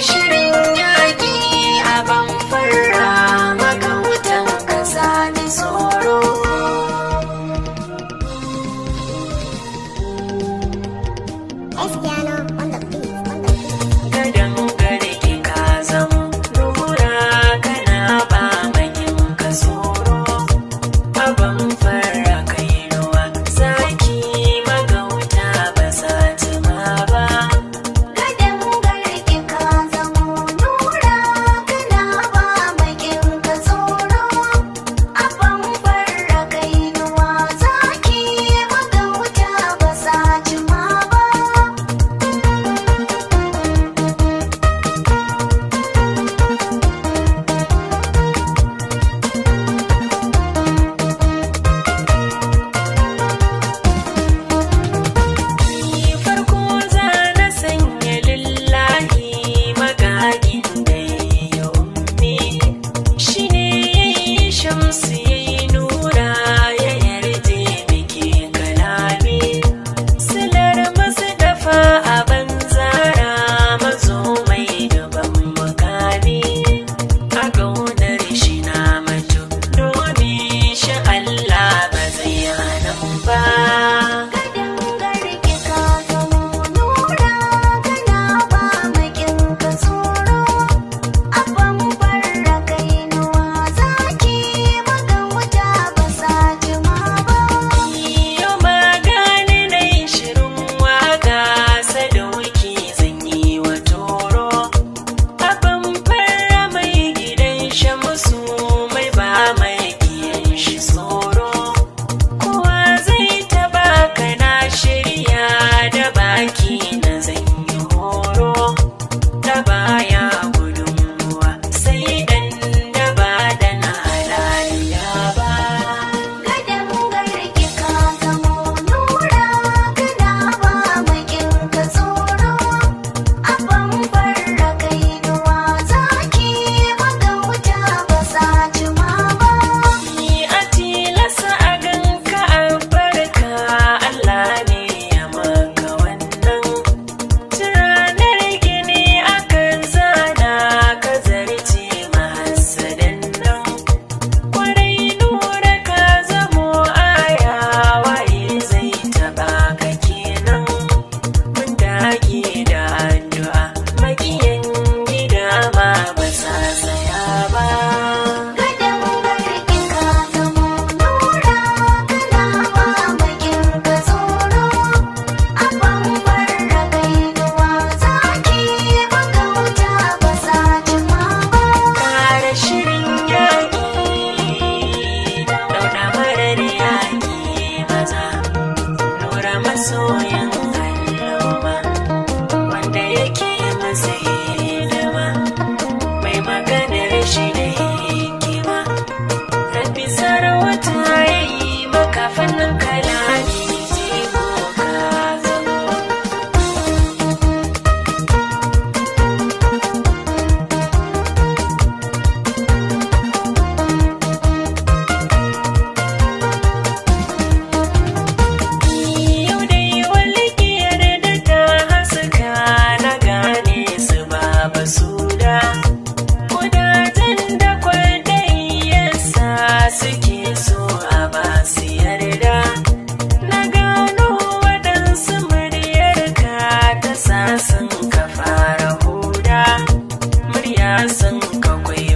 shirin Thank you. 高贵。